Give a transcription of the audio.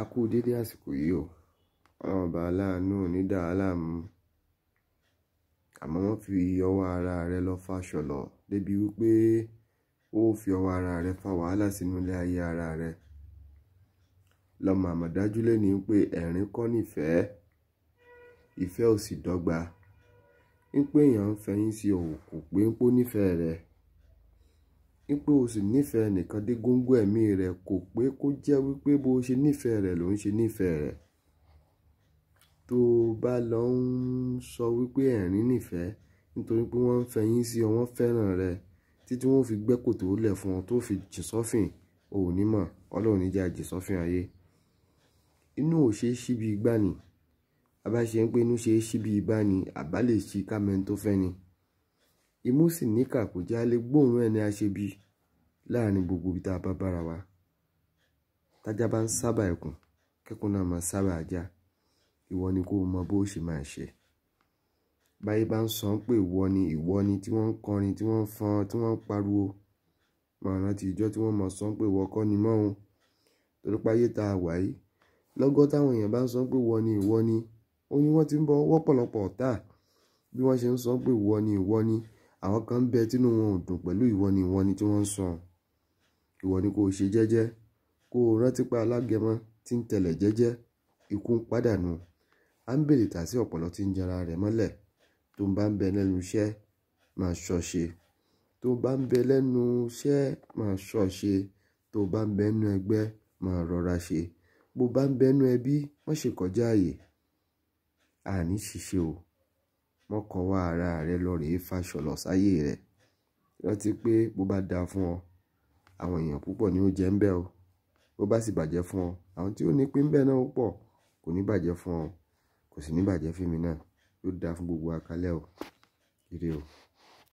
a kú dédé àsìkò yìí o ọlọ́run ọba aláàánú ní àmọ́ wọ́n fi ọwọ́ ara rẹ lọ fàṣọ lọ débi wípé ó fi ọwọ́ ara rẹ fa wàhálà sínú ilé ayé ara rẹ lọ́mọ àmọ̀dájú lẹ́ni pé ẹ̀rín kọ́ nífẹ̀ẹ́ ìfẹ́ ò sì dọ́gba ń pé èèyàn ń sí òkú pé ń wípé o sì nífẹ̀ẹ́ ẹnìkan dé góńgó ẹ̀mí rẹ̀ kò pé kó jẹ́ wípé bó o ṣe nífẹ̀ẹ́ rẹ̀ ló ń ṣe nífẹ̀ẹ́ rẹ̀ tó o bá lọ ń sọ wípé ẹ̀rín nífẹ̀ẹ́ nítorí pé wọ́n ń fẹ̀yìn sí ọ wọ́n fẹ́ràn rẹ títí wọ́n fi gbẹ́ kòtò lẹ̀ fún ọ tó fi jìn sọ́fìn ò ní mọ̀ ọlọ́run níjà jìn sọ́fìn ayé inú ò ṣe é ṣí bí igbá ni àbá ṣe ń pé inú ṣe é ṣí bí igbá ni àbá ṣí kámẹ́ńtó fẹ́ ni imú sì níkà kò já lè gbóòórùn ẹni aṣebi láàrin gbogbo ibi tá a bá bára wa tájá bá ń sábà ẹkùn kẹ́kùn náà máa sábà ajá ìwọ ni kó o mọ bó o ṣe máa ṣe báyé bá ń sọ pé ìwọ ni ìwọ ni tí wọ́n ń kọrin tí wọ́n ń fọn tí wọ́n ń pariwo máa rántí ìjọ tí wọ́n mọ̀ sọ pé ìwọ kọ́ ni mọ́ òun torí páyé tá a wà yìí lọ́gọ́ táwọn èèyàn bá ń sọ pé ìwọ ni ìwọ ni ó ní ti ń bọ́ wọ́pọ̀lọpọ̀ ọ̀tá bí wọ́n ṣe ń sọ pé ìwọ ni. Ìwọ ni àwọn kan bẹ tínú wọn ò dùn pẹ̀lú ìwọ ni ìwọ ni tí wọ́n ń sọ ìwọ ni kò ṣe jẹ́jẹ́ kó o rántí pa alágẹmọ tí ń tẹ̀lẹ̀ jẹ́jẹ́ ikú ń pàdánù à ń bèrè tà sí ọ̀pọ̀lọ́ tí ń jẹra rẹ̀ mọ́lẹ̀ tó ń bá ń bẹ lẹ́nu iṣẹ́ máa ṣọ̀ṣe tó bá ń bẹ lẹ́nu iṣẹ́ máa ṣọ̀ṣe tó bá ń bẹnu ẹgbẹ́ máa rọra ṣe bó bá ń bẹnu ẹbí má ṣe àyè àní ṣiṣẹ́ o mọ́kànwá ara rẹ lọ rèé fàṣọlọ sáyé rẹ rántí pé bó bá dáa fún ọ àwọn èèyàn púpọ̀ ni ó jẹ́ ń bẹ́ o bó bá sì bàjẹ́ fún ọ àwọn tí ó ní pín bẹ́ẹ̀ náà pọ̀ kò ní bàjẹ́ fún ọ kò sì ní bàjẹ́ fún mi náà yóò dáa fún gbogbo akalẹ́ o ire o.